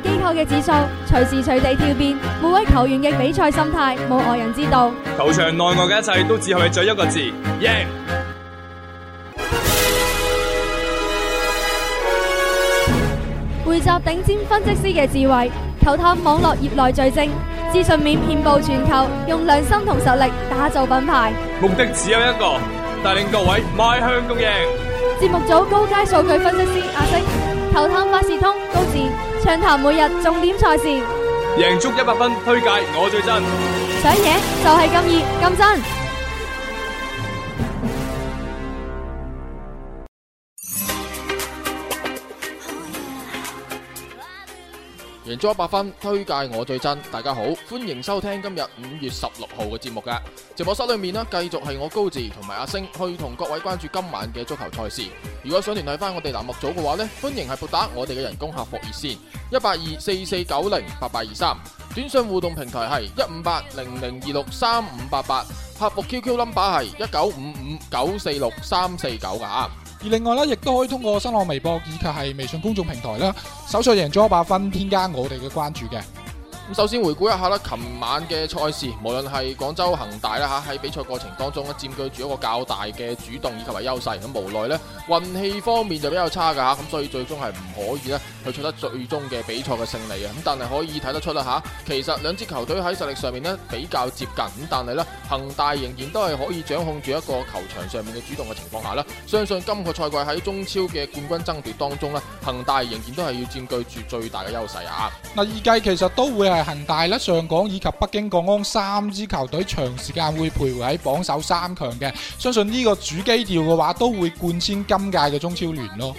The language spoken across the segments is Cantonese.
機構嘅指數隨時隨地跳變，每位球員嘅比賽心態冇外人知道。球場內外嘅一切都只係在一個字：贏。匯集頂尖分析師嘅智慧，球探網絡業內最精，資訊面遍布全球，用良心同實力打造品牌。目的只有一個，帶領各位邁向共贏。節目組高階數據分析師阿星。球探百事通，高士暢談每日重點賽事，贏足一百分，推介我最真，想贏就係咁易咁真。贏足 100FUN，推介我最真。大家好，歡迎收聽今日五月十六號嘅節目嘅直播室裏面咧，繼續係我高志同埋阿星去同各位關注今晚嘅足球賽事。如果想聯繫翻我哋欄目組嘅話咧，歡迎係撥打我哋嘅人工客服熱線一八二四四九零八八二三，短信互動平台係一五八零零二六三五八八，客服 QQ number 係一九五五九四六三四九啊。而另外咧，亦都可以通過新浪微博以及係微信公眾平台啦，搜索贏足 100FUN，添加我哋嘅關注嘅。咁首先回顧一下啦，琴晚嘅賽事，無論係廣州恒大啦吓，喺比賽過程當中咧，佔據住一個較大嘅主動以及係優勢，咁無奈咧運氣方面就比較差噶，咁所以最終係唔可以咧，去取得最終嘅比賽嘅勝利啊！咁但係可以睇得出啦吓，其實兩支球隊喺實力上面咧比較接近，咁但係咧恒大仍然都係可以掌控住一個球場上面嘅主動嘅情況下啦。相信今個賽季喺中超嘅冠軍爭奪當中咧，恒大仍然都係要佔據住最大嘅優勢啊！嗱，而家其實都會係恒大啦、上港以及北京國安三支球隊長時間會徘徊喺榜首三強嘅，相信呢個主基調嘅話都會貫穿今屆嘅中超聯咯。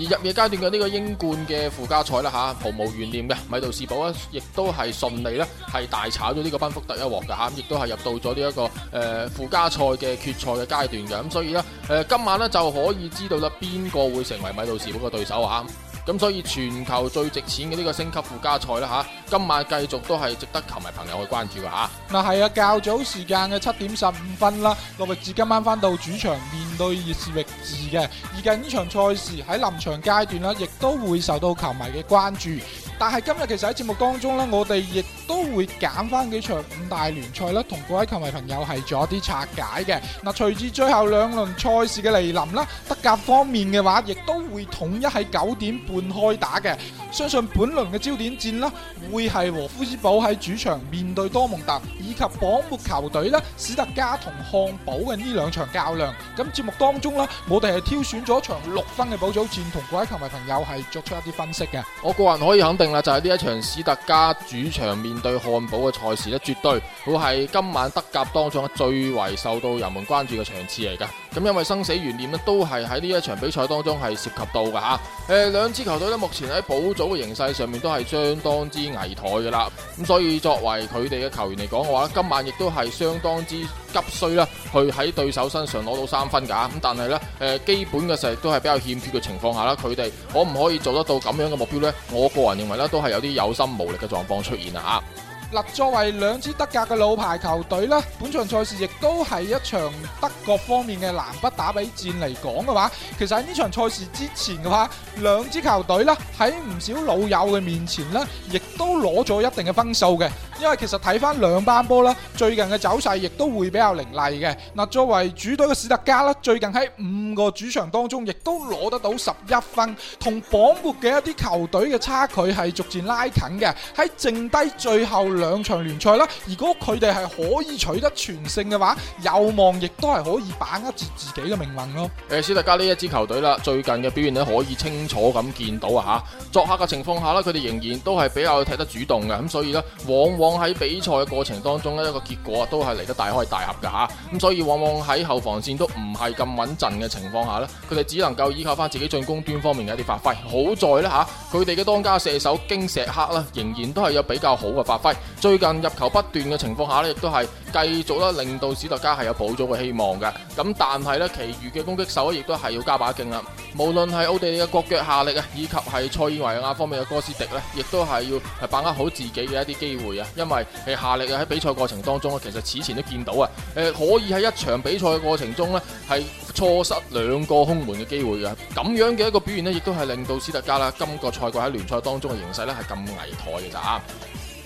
而入夜階段嘅呢個英冠嘅附加賽啦吓，毫無懸念嘅米杜士堡啊，亦都係順利咧係大炒咗呢個賓福特一鑊噶吓，亦都係入到咗呢一個誒、呃、附加賽嘅決賽嘅階段嘅，咁所以咧誒、呃、今晚咧就可以知道啦邊個會成為米杜士堡嘅對手啊！咁所以全球最值錢嘅呢個升級附加賽啦吓，今晚繼續都係值得球迷朋友去關注嘅吓。嗱係啊，較早時間嘅七點十五分啦，諾域治今晚翻到主場面對葉士域治嘅，而近呢場賽事喺臨場階段咧，亦都會受到球迷嘅關注。但係今日其實喺節目當中咧，我哋亦都會揀翻幾場五大聯賽啦，同各位球迷朋友係做一啲拆解嘅。嗱，隨住最後兩輪賽事嘅嚟臨啦，德甲方面嘅話，亦都會統一喺九點半開打嘅。相信本輪嘅焦點戰啦，會係和夫斯堡喺主場面對多蒙特以及榜末球隊啦，史特加同漢堡嘅呢兩場較量。咁節目當中啦，我哋係挑選咗一場六分嘅保祖戰，同各位球迷朋友係作出一啲分析嘅。我個人可以肯定啦，就係、是、呢一場史特加主場面對。對漢堡嘅賽事咧，絕對會係今晚德甲當中最為受到人們關注嘅場次嚟㗎。咁因為生死懸念咧，都係喺呢一場比賽當中係涉及到噶吓。誒，兩支球隊咧，目前喺保組嘅形勢上面都係相當之危殆噶啦。咁所以作為佢哋嘅球員嚟講嘅話，今晚亦都係相當之。急需啦，去喺對手身上攞到三分噶，咁但係咧，誒，基本嘅實力都係比較欠缺嘅情況下啦，佢哋可唔可以做得到咁樣嘅目標呢？我個人認為咧，都係有啲有心無力嘅狀況出現啦吓。嗱，作為兩支德甲嘅老牌球隊咧，本場賽事亦都係一場德國方面嘅南北打比戰嚟講嘅話，其實喺呢場賽事之前嘅話，兩支球隊咧喺唔少老友嘅面前呢，亦都攞咗一定嘅分數嘅。因為其實睇翻兩班波啦，最近嘅走勢亦都會比較凌厲嘅。嗱，作為主隊嘅史特加啦，最近喺五個主場當中，亦都攞得到十一分，同榜局嘅一啲球隊嘅差距係逐漸拉近嘅。喺剩低最後兩場聯賽啦，如果佢哋係可以取得全勝嘅話，有望亦都係可以把握住自己嘅命運咯。史特加呢一支球隊啦，最近嘅表現咧可以清楚咁見到啊吓。作客嘅情況下啦，佢哋仍然都係比較踢得主動嘅，咁所以咧往往。喺比賽嘅過程當中呢，一個結果都係嚟得大開大合㗎吓，咁所以往往喺後防線都唔係咁穩陣嘅情況下呢，佢哋只能夠依靠返自己進攻端方面嘅一啲發揮。好在呢，吓，佢哋嘅當家射手京石克呢，仍然都係有比較好嘅發揮，最近入球不斷嘅情況下呢，亦都係。繼續咧令到史特加係有補足嘅希望嘅，咁但係咧其餘嘅攻擊手咧亦都係要加把勁啦。無論係奧地利嘅國腳夏力啊，以及係塞爾維亞方面嘅哥斯迪咧，亦都係要係把握好自己嘅一啲機會啊。因為夏力喺比賽過程當中咧，其實此前都見到啊，誒可以喺一場比賽嘅過程中咧係錯失兩個空門嘅機會嘅。咁樣嘅一個表現呢，亦都係令到史特加啦今個賽季喺聯賽當中嘅形勢咧係咁危殆嘅咋。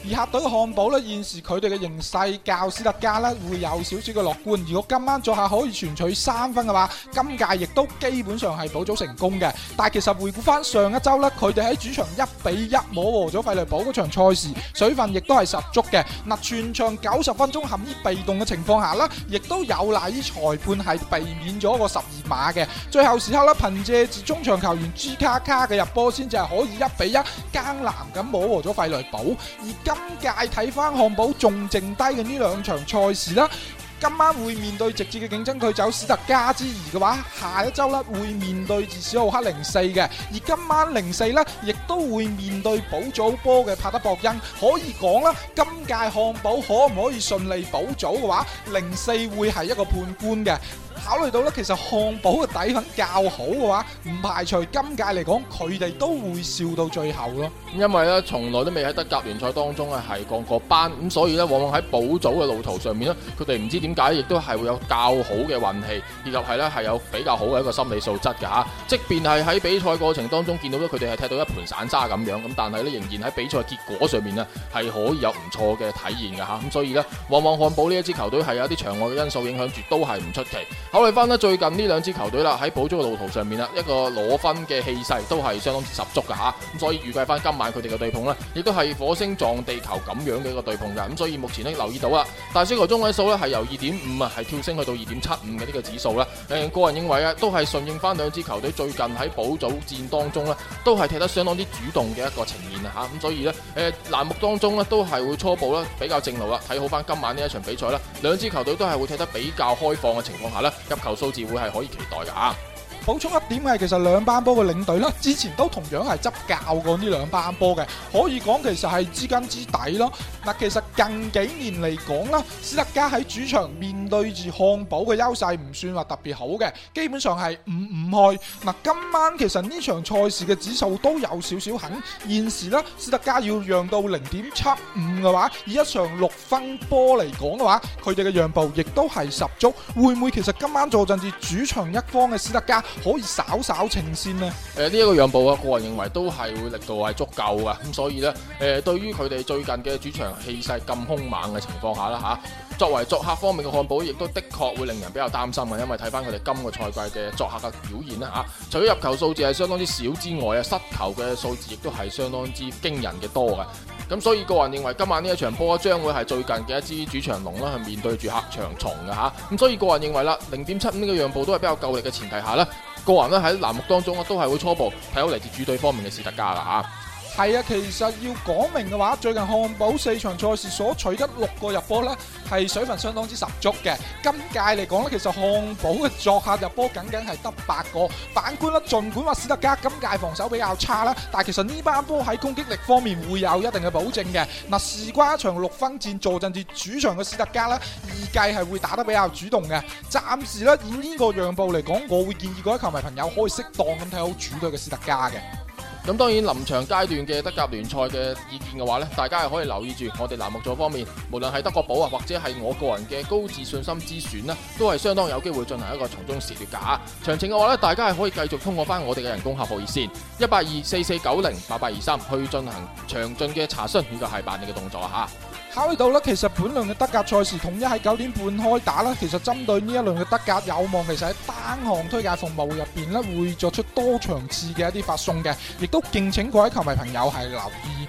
而客隊漢堡咧，現時佢哋嘅形勢較斯特加咧會有少少嘅樂觀。如果今晚作客可以全取三分嘅話，今屆亦都基本上係補足成功嘅。但其實回顧翻上一周咧，佢哋喺主場一比一摸和咗費雷堡嗰場賽事，水分亦都係十足嘅。嗱，全場九十分鐘陷於被動嘅情況下啦，亦都有賴於裁判係避免咗個十二碼嘅。最後時刻咧，憑借住中場球員 G 卡卡嘅入波，先至係可以一比一艱難咁摸和咗費雷堡，而今。今屆睇返漢堡仲剩低嘅呢兩場賽事啦，今晚會面對直接嘅競爭，佢走史特加之餘嘅話，下一周呢會面對住史浩克零四嘅，而今晚零四呢，亦都會面對補組波嘅帕德博恩，可以講啦，今屆漢堡可唔可以順利補組嘅話，零四會係一個判官嘅。考慮到咧，其實漢堡嘅底蘊較好嘅話，唔排除今屆嚟講佢哋都會笑到最後咯。因為咧，從來都未喺德甲聯賽當中咧係降過班，咁所以咧往往喺補組嘅路途上面咧，佢哋唔知點解，亦都係會有較好嘅運氣，以及係咧係有比較好嘅一個心理素質嘅吓。即便係喺比賽過程當中見到咗佢哋係踢到一盤散沙咁樣，咁但係咧仍然喺比賽結果上面咧係可以有唔錯嘅體現嘅吓。咁所以咧，往往漢堡呢一支球隊係有啲場外嘅因素影響住，都係唔出奇。考慮翻最近呢兩支球隊啦，喺保組嘅路途上面啦，一個攞分嘅氣勢都係相當之十足噶吓，咁所以預計翻今晚佢哋嘅對碰啦，亦都係火星撞地球咁樣嘅一個對碰㗎。咁所以目前呢，留意到啦，大小球中位數呢係由二點五啊係跳升去到二點七五嘅呢個指數啦。誒，個人認為呢，都係順應翻兩支球隊最近喺保組戰當中呢，都係踢得相當之主動嘅一個呈現啊吓，咁所以呢，誒欄目當中呢，都係會初步啦，比較正路啦，睇好翻今晚呢一場比賽啦，兩支球隊都係會踢得比較開放嘅情況下入球數字會係可以期待㗎。補充一點係，其實兩班波嘅領隊啦，之前都同樣係執教過呢兩班波嘅，可以講其實係知根知底咯。嗱，其實近幾年嚟講啦，斯特加喺主場面對住漢堡嘅優勢唔算話特別好嘅，基本上係五五開。嗱，今晚其實呢場賽事嘅指數都有少少狠。現時呢，斯特加要讓到零點七五嘅話，以一場六分波嚟講嘅話，佢哋嘅讓步亦都係十足。會唔會其實今晚坐陣至主場一方嘅斯特加，可以稍稍清先呢，誒呢一個讓步啊，個人認為都係會力度係足夠嘅。咁所以呢，誒、呃、對於佢哋最近嘅主場氣勢咁兇猛嘅情況下啦嚇。啊。作為作客方面嘅漢堡，亦都的確會令人比較擔心啊。因為睇翻佢哋今個賽季嘅作客嘅表現咧吓，除咗入球數字係相當之少之外啊，失球嘅數字亦都係相當之驚人嘅多嘅。咁所以個人認為今晚呢一場波將會係最近嘅一支主場龍啦，去面對住客場蟲嘅吓。咁所以個人認為啦，零點七五呢個讓步都係比較夠力嘅前提下咧，個人咧喺欄目當中啊都係會初步睇好嚟自主隊方面嘅史特加啦吓。係啊，其實要講明嘅話，最近漢堡四場賽事所取得六個入波咧，係水分相當之十足嘅。今屆嚟講咧，其實漢堡嘅作客入波僅僅係得八個。反觀咧，盡管話史特加今屆防守比較差啦，但係其實呢班波喺攻擊力方面會有一定嘅保證嘅。嗱，事關一場六分戰坐陣住主場嘅史特加咧，預計係會打得比較主動嘅。暫時咧，以呢個讓步嚟講，我會建議各位球迷朋友可以適當咁睇好主隊嘅史特加嘅。咁當然臨場階段嘅德甲聯賽嘅意見嘅話呢，大家係可以留意住我哋欄目組方面，無論係德國寶啊，或者係我個人嘅高自信心之選呢，都係相當有機會進行一個從中蝕劣假。詳情嘅話呢，大家係可以繼續通過翻我哋嘅人工客服熱先一八二四四九零八八二三去進行詳盡嘅查詢，以及係辦理嘅動作嚇。考慮到咧，其實本輪嘅德甲賽事統一喺九點半開打啦。其實針對呢一輪嘅德甲，有望其實喺單項推介服務入邊咧，會作出多場次嘅一啲發送嘅，亦都敬請各位球迷朋友係留意。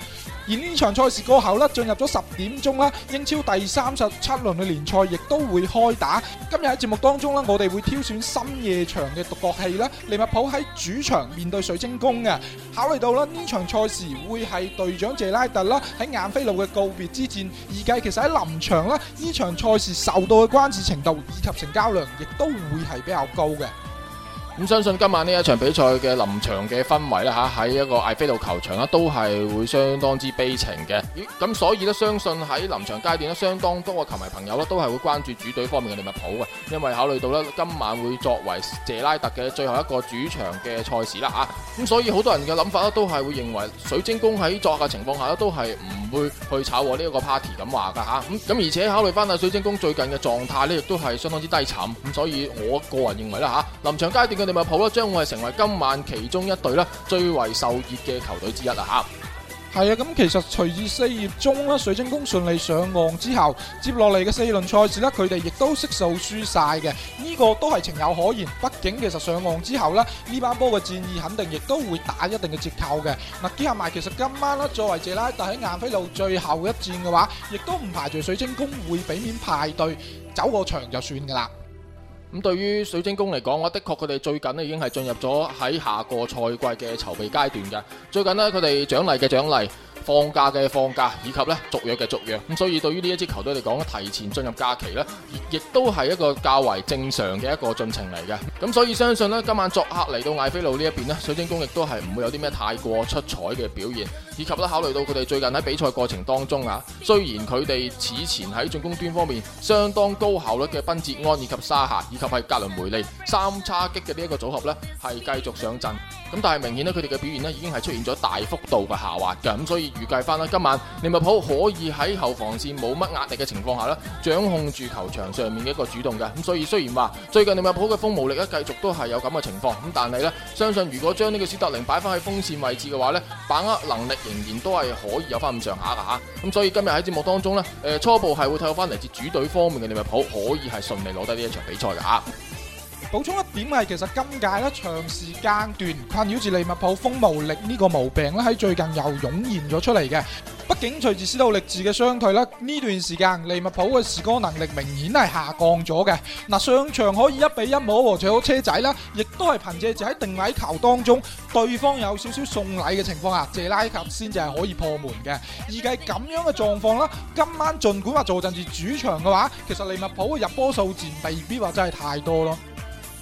而呢場賽事過後呢，進入咗十點鐘啦，英超第三十七輪嘅聯賽亦都會開打。今日喺節目當中呢，我哋會挑選深夜場嘅獨角戲啦。利物浦喺主場面對水晶宮嘅，考慮到啦，呢場賽事會係隊長謝拉特啦喺晏菲路嘅告別之戰，預計其實喺臨場啦，呢場賽事受到嘅關注程度以及成交量亦都會係比較高嘅。咁相信今晚呢一場比賽嘅臨場嘅氛圍呢，吓，喺一個艾菲路球場呢都係會相當之悲情嘅，咁所以呢，相信喺臨場階段呢，相當多嘅球迷朋友呢，都係會關注主隊方面嘅利物浦嘅，因為考慮到呢，今晚會作為謝拉特嘅最後一個主場嘅賽事啦吓。咁所以好多人嘅諗法呢，都係會認為水晶宮喺作客嘅情況下呢，都係唔會去炒我呢一個 party 咁話嘅吓。咁咁而且考慮翻啊水晶宮最近嘅狀態呢，亦都係相當之低沉，咁所以我個人認為啦，吓。臨場階段嘅利物浦啦，將會係成為今晚其中一隊啦，最為受熱嘅球隊之一啊！吓，係啊！咁其實隨住四月中啦，水晶宮順利上岸之後，接落嚟嘅四輪賽事咧，佢哋亦都悉數輸晒嘅。呢個都係情有可原，畢竟其實上岸之後咧，呢班波嘅戰意肯定亦都會打一定嘅折扣嘅。嗱，結合埋，其實今晚啦，作為謝拉特喺晏菲路最後一戰嘅話，亦都唔排除水晶宮會俾面派對走個場就算噶啦。咁對於水晶宮嚟講，我的確佢哋最近呢已經係進入咗喺下個賽季嘅籌備階段嘅。最近呢，佢哋獎勵嘅獎勵。放假嘅放假，以及咧續約嘅續約，咁所以對於呢一支球隊嚟講咧，提前進入假期咧，亦都係一個較為正常嘅一個進程嚟嘅。咁所以相信呢，今晚作客嚟到艾菲路呢一邊咧，水晶宮亦都係唔會有啲咩太過出彩嘅表現，以及咧考慮到佢哋最近喺比賽過程當中啊，雖然佢哋此前喺進攻端方面相當高效率嘅賓捷安以及沙夏以及係格倫梅利三叉戟嘅呢一個組合咧係繼續上陣，咁但係明顯咧佢哋嘅表現呢已經係出現咗大幅度嘅下滑嘅，咁所以。預計翻啦，今晚利物浦可以喺後防線冇乜壓力嘅情況下咧，掌控住球場上面嘅一個主動嘅。咁所以雖然話最近利物浦嘅鋒無力咧，繼續都係有咁嘅情況。咁但係呢，相信如果將呢個斯特靈擺翻喺鋒線位置嘅話呢，把握能力仍然都係可以有翻咁上下嘅吓。咁所以今日喺節目當中呢，誒初步係會睇到翻嚟自主隊方面嘅利物浦可以係順利攞低呢一場比賽嘅吓。補充一點係，其實今屆咧長時間段困擾住利物浦鋒無力呢個毛病咧，喺最近又湧現咗出嚟嘅。畢竟隨住斯道力治嘅傷退咧，呢段時間利物浦嘅時光能力明顯係下降咗嘅。嗱，上場可以一比一和，做客車仔啦，亦都係憑藉住喺定位球當中對方有少少送禮嘅情況下，謝拉特先至係可以破門嘅。而喺咁樣嘅狀況啦，今晚儘管話坐陣住主場嘅話，其實利物浦嘅入波數字未必話真係太多咯。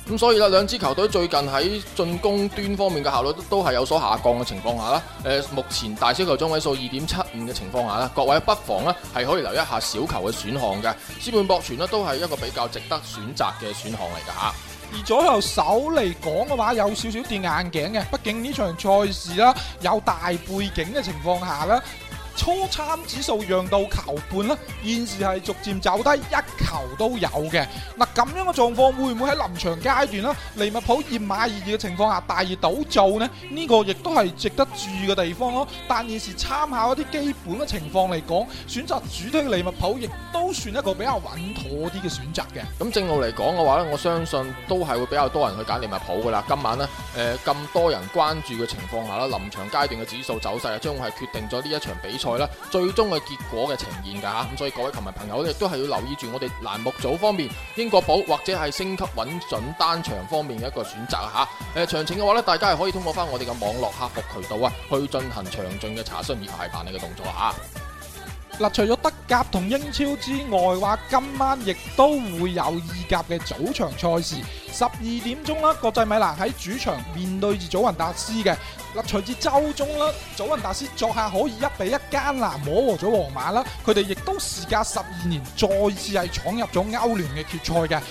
咁所以啦，兩支球隊最近喺進攻端方面嘅效率都都係有所下降嘅情況下啦。誒、呃，目前大小球中位數二點七五嘅情況下啦，各位不妨呢係可以留一下小球嘅選項嘅。資本博傳呢都係一個比較值得選擇嘅選項嚟㗎嚇。而左右手嚟講嘅話，有少少跌眼鏡嘅，畢竟呢場賽事啦有大背景嘅情況下啦。初參指數讓到球半啦，現時係逐漸走低，一球都有嘅。嗱咁樣嘅狀況會唔會喺臨場階段啦？利物浦熱馬二碼二嘅情況下大熱倒灶呢？呢、這個亦都係值得注意嘅地方咯。但現時參考一啲基本嘅情況嚟講，選擇主推利物浦亦都算一個比較穩妥啲嘅選擇嘅。咁正路嚟講嘅話咧，我相信都係會比較多人去揀利物浦㗎啦。今晚呢，誒、呃、咁多人關注嘅情況下啦，臨場階段嘅指數走勢啊，將會係決定咗呢一場比賽。賽啦，最終嘅結果嘅呈現噶吓，咁所以各位球迷朋友咧，都係要留意住我哋欄目組方面英國寶或者係升級穩準單場方面嘅一個選擇吓。誒、詳情嘅話咧，大家係可以通過翻我哋嘅網絡客服渠道啊，去進行詳盡嘅查詢以排版呢個動作吓。嗱，除咗德甲同英超之外，話今晚亦都會有意甲嘅早場賽事，十二點鐘啦，國際米蘭喺主場面對住祖雲達斯嘅。嗱，隨住周中啦，祖雲達斯作客可以一比一艱難磨和咗皇馬啦，佢哋亦都時隔十二年再次係闖入咗歐聯嘅決賽嘅。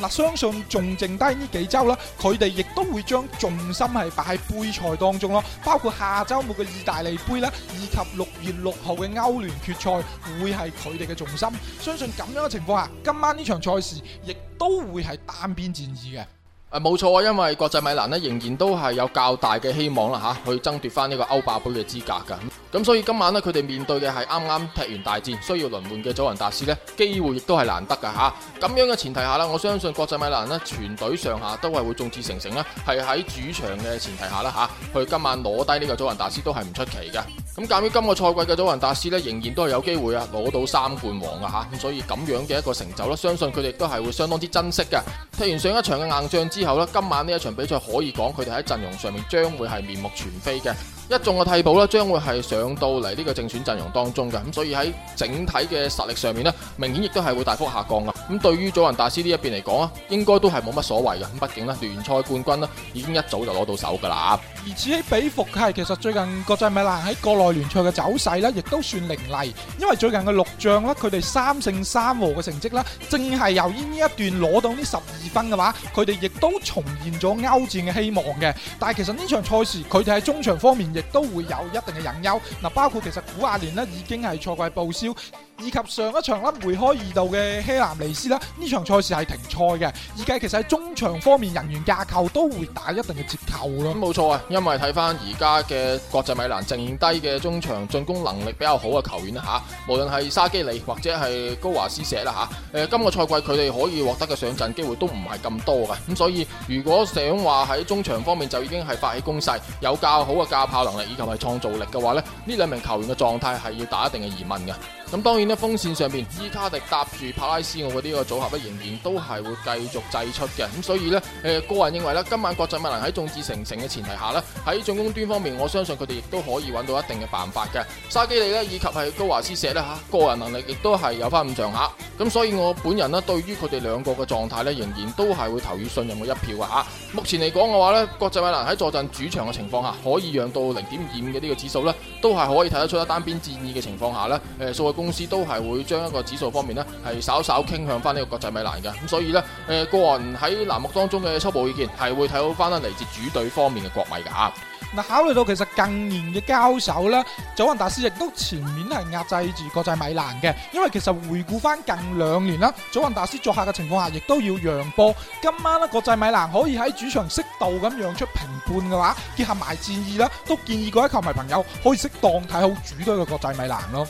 嗱，相信仲剩低呢幾周啦，佢哋亦都會將重心係擺喺杯賽當中咯，包括下週末嘅意大利杯啦，以及六月六號嘅歐聯決賽會係佢哋嘅重心。相信咁樣嘅情況下，今晚呢場賽事亦都會係單邊戰意嘅。誒，冇錯啊，因為國際米蘭咧仍然都係有較大嘅希望啦，吓，去爭奪翻呢個歐霸盃嘅資格噶。咁所以今晚呢，佢哋面對嘅係啱啱踢完大戰需要輪換嘅祖雲達斯呢，機會亦都係難得噶吓。咁樣嘅前提下呢，我相信國際米蘭呢，全隊上下都係會眾志成城啦，係喺主場嘅前提下啦吓，去今晚攞低呢個祖雲達斯都係唔出奇嘅。咁鑒於今個賽季嘅祖雲達斯呢，仍然都係有機會啊攞到三冠王噶吓，咁所以咁樣嘅一個成就咧，相信佢哋都係會相當之珍惜嘅。踢完上一場嘅硬仗之之後呢，今晚呢一場比賽可以講，佢哋喺陣容上面將會係面目全非嘅，一眾嘅替補呢，將會係上到嚟呢個正選陣容當中嘅，咁所以喺整體嘅實力上面呢，明顯亦都係會大幅下降噶。咁對於祖雲大師這一邊來呢一邊嚟講啊，應該都係冇乜所謂嘅，咁畢竟呢聯賽冠軍呢已經一早就攞到手噶啦。而此起彼伏，係，其實最近國際米蘭喺國內聯賽嘅走勢呢，亦都算凌厲，因為最近嘅六仗呢，佢哋三勝三和嘅成績呢，正係由於呢一段攞到呢十二分嘅話，佢哋亦都。都重現咗歐戰嘅希望嘅，但係其實呢場賽事佢哋喺中場方面亦都會有一定嘅隱憂。嗱，包括其實古亞連咧已經係賽季報銷。以及上一場啦，梅開二度嘅希南尼斯啦，呢場賽事係停賽嘅。而家其實喺中場方面人員架構都會打一定嘅折扣咯。冇錯啊，因為睇翻而家嘅國際米蘭剩低嘅中場進攻能力比較好嘅球員啦嚇，無論係沙基利或者係高華斯社啦嚇，誒、呃、今個賽季佢哋可以獲得嘅上陣機會都唔係咁多嘅咁，所以如果想話喺中場方面就已經係發起攻勢，有較好嘅駕炮能力以及係創造力嘅話咧，呢兩名球員嘅狀態係要打一定嘅疑問嘅。咁當然呢鋒線上面，伊卡迪搭住帕拉斯，奧嘅呢個組合咧仍然都係會繼續製出嘅。咁所以呢誒、呃、個人認為呢今晚國際米蘭喺眾志成城嘅前提下喺進攻端方面，我相信佢哋亦都可以揾到一定嘅辦法嘅。沙基利呢以及係高華斯社，呢嚇，個人能力亦都係有翻咁上下。咁所以我本人呢對於佢哋兩個嘅狀態呢仍然都係會投以信任嘅一票嘅、啊、目前嚟講嘅話呢國際米蘭喺坐鎮主場嘅情況下，可以讓到零點二五嘅呢個指數呢都係可以睇得出一單邊戰意嘅情況下、呃公司都係會將一個指數方面呢，係稍稍傾向翻呢個國際米蘭嘅。咁，所以呢，誒個人喺欄目當中嘅初步意見係會睇好翻呢嚟自主隊方面嘅國米噶。嗱，考慮到其實近年嘅交手呢，祖雲達斯亦都前面係壓制住國際米蘭嘅，因為其實回顧翻近兩年啦，祖雲達斯作客嘅情況下，亦都要讓波。今晚咧國際米蘭可以喺主場適度咁讓出平半嘅話，結合埋戰意啦，都建議各位球迷朋友可以適當睇好主隊嘅國際米蘭咯。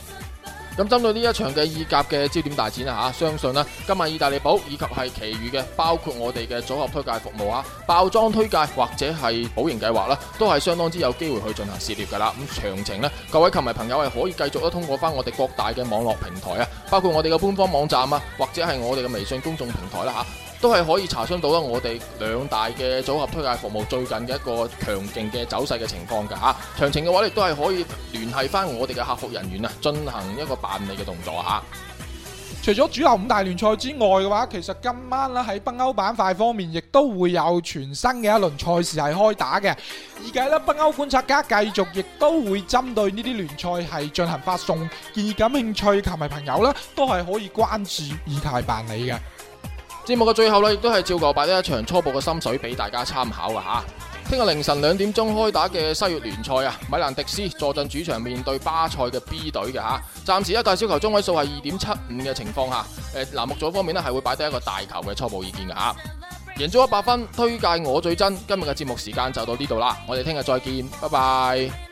咁針對呢一場嘅意甲嘅焦點大戰啊嚇，相信咧今日意大利寶以及係其餘嘅包括我哋嘅組合推介服務啊，包裝推介或者係保營計劃啦，都係相當之有機會去進行涉獵噶啦。咁詳情咧，各位球迷朋友係可以繼續都通過翻我哋各大嘅網絡平台啊，包括我哋嘅官方網站啊，或者係我哋嘅微信公眾平台啦嚇。都係可以查詢到啦，我哋兩大嘅組合推介服務最近嘅一個強勁嘅走勢嘅情況噶吓、啊，詳情嘅話亦都係可以聯繫翻我哋嘅客服人員啊，進行一個辦理嘅動作啊。除咗主流五大聯賽之外嘅話，其實今晚啦喺北歐板塊方面亦都會有全新嘅一輪賽事係開打嘅，而家咧北歐觀察家繼續亦都會針對呢啲聯賽係進行發送，建議感興趣球迷朋友呢，都係可以關注以太辦理嘅。節目嘅最後呢，亦都係照舊擺低一場初步嘅心水俾大家參考噶吓、啊。聽日凌晨兩點鐘開打嘅西乙聯賽啊，米蘭迪斯坐鎮主場面對巴塞嘅 B 隊嘅吓、啊。暫時一大小球中位數係二點七五嘅情況下，誒、呃，欄目組方面呢係會擺低一個大球嘅初步意見噶吓、啊。贏足一百 FUN，推介我最真。今日嘅節目時間就到呢度啦，我哋聽日再見，拜拜。